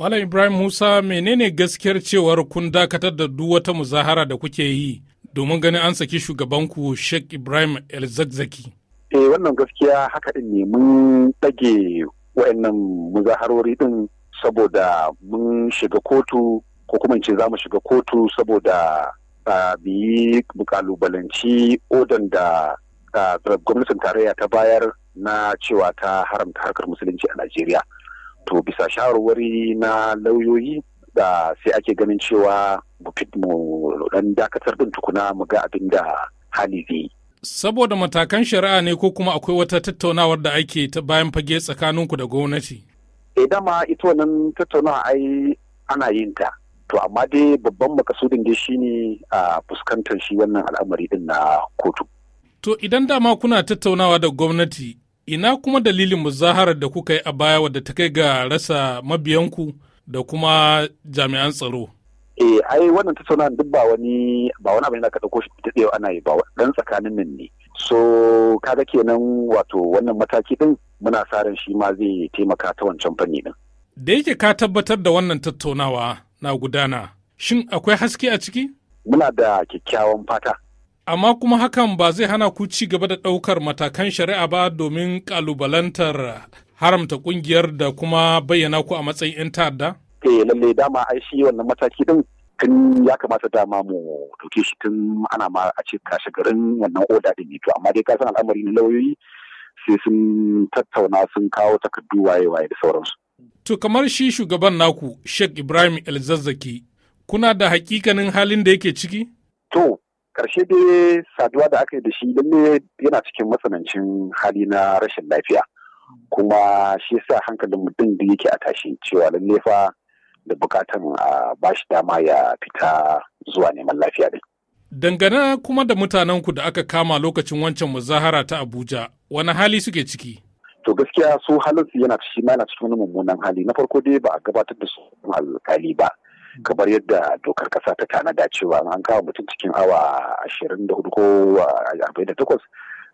Malam Ibrahim Musa menene gaskiyar cewar kun dakatar da duk wata muzahara da kuke yi domin ganin an saki shugabanku Sheikh Ibrahim El Zakzaki. Eh wannan gaskiya haka din ne mun ɗage wa'annan muzaharori din saboda mun shiga kotu ko kuma ce za mu shiga kotu saboda biyi bukalubalanci odan da gwamnatin tarayya ta bayar na cewa ta haramta harkar musulunci a Najeriya. to bisa shawarwari na lauyoyi da sai ake ganin cewa bukit mu dan dakatar din tukuna mu ga abin da hali zai saboda matakan shari'a ne ko kuma akwai wata tattaunawar da ake ta bayan fage tsakanin ku da gwamnati eh dama ita wannan tattaunawa ai ana yin ta to amma dai babban makasudin dai ne a fuskantar shi wannan al'amari din na kotu to idan dama kuna tattaunawa da gwamnati Ina kuma dalilin muzaharar da kuka yi a baya wadda ta kai ga rasa mabiyanku da kuma jami'an tsaro? Eh, ai wannan tattaunawa duk ba wani ba wani abin da ka ɗauko shi ta tsaye ana yi ba dan tsakanin nan ne. So kaga kenan wato wannan mataki din muna sa ran shi ma zai taimaka ta wancan fanni din. Da yake ka tabbatar da wannan tattaunawa na gudana, shin akwai haske a ciki? Muna da kyakkyawan fata. amma kuma hakan ba zai hana ku ci gaba da ɗaukar matakan shari'a ba domin ƙalubalantar haramta ƙungiyar da kuma bayyana ku a matsayin 'yan ta'adda? Eh, lalle dama an shi wannan mataki din tun ya kamata dama mu dauke shi tun ana ma a ce kashe garin wannan oda ɗin to amma dai kasan al'amari na lauyoyi sai sun tattauna sun kawo takardu waye waye da sauransu. To kamar shi shugaban naku Sheikh Ibrahim Elzazzaki kuna da hakikanin halin da yake ciki? To karshe dai saduwa da aka yi da shi lalle yana cikin matsanancin hali na rashin lafiya kuma shi sa hankalin mutum da yake a tashi cewa lalle fa da bukatan a bashi dama ya fita zuwa neman lafiya din. Dangane kuma da mutanen ku da aka kama lokacin wancan muzahara ta Abuja, wani hali suke ciki? To gaskiya su halin yana yana cikin mummunan hali. Na farko dai ba a gabatar da su alkali ba. kamar yadda dokar kasa ta tanada cewa an kawo mutum cikin awa ashirin da hudu ko arba'in da takwas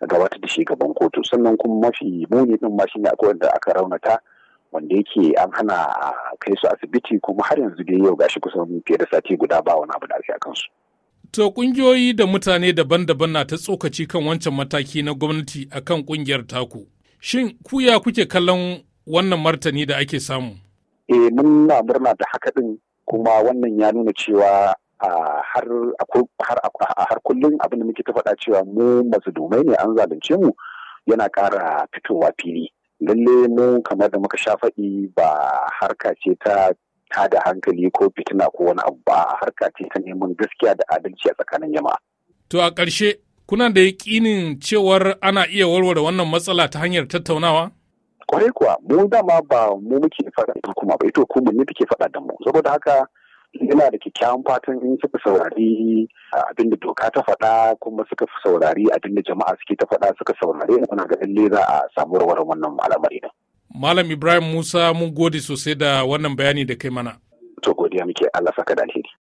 gabatar da shi gaban kotu sannan kuma mafi muni din mashin shine akwai wanda aka raunata wanda yake an hana kai su asibiti kuma har yanzu dai yau gashi kusan fiye da sati guda ba wani abu da ake akan su. To kungiyoyi da mutane daban-daban na ta tsokaci kan wancan mataki na gwamnati akan kungiyar taku. Shin kuya kuke kallon wannan martani da ake samu? Eh mun na murna da haka din kuma wannan ya nuna cewa a har kullum abin da muke ta faɗa cewa mu mazudumai ne an zalunce mu yana kara fitowa fili lalle mu kamar da muka sha faɗi ba harka ce ta da hankali ko fitina ko wani abu ba harka ce ta neman gaskiya da adalci a tsakanin jama'a. To a ƙarshe kuna da yaƙinin cewar ana iya warware wannan matsala ta hanyar tattaunawa? kwarai kuwa mu dama ba mu muke faɗa da kuma ba ita hukumar ne take faɗa da mu saboda haka yana da kyakkyawan fatan in suka saurari ah, abin da doka ta faɗa kuma suka saurari abin da jama'a suke ta faɗa suka saurari ina muna ga lalle za a samu rawar wannan al'amari ne. Malam Ibrahim Musa mun gode sosai da wannan bayani da kai mana. To godiya muke Allah saka da alheri.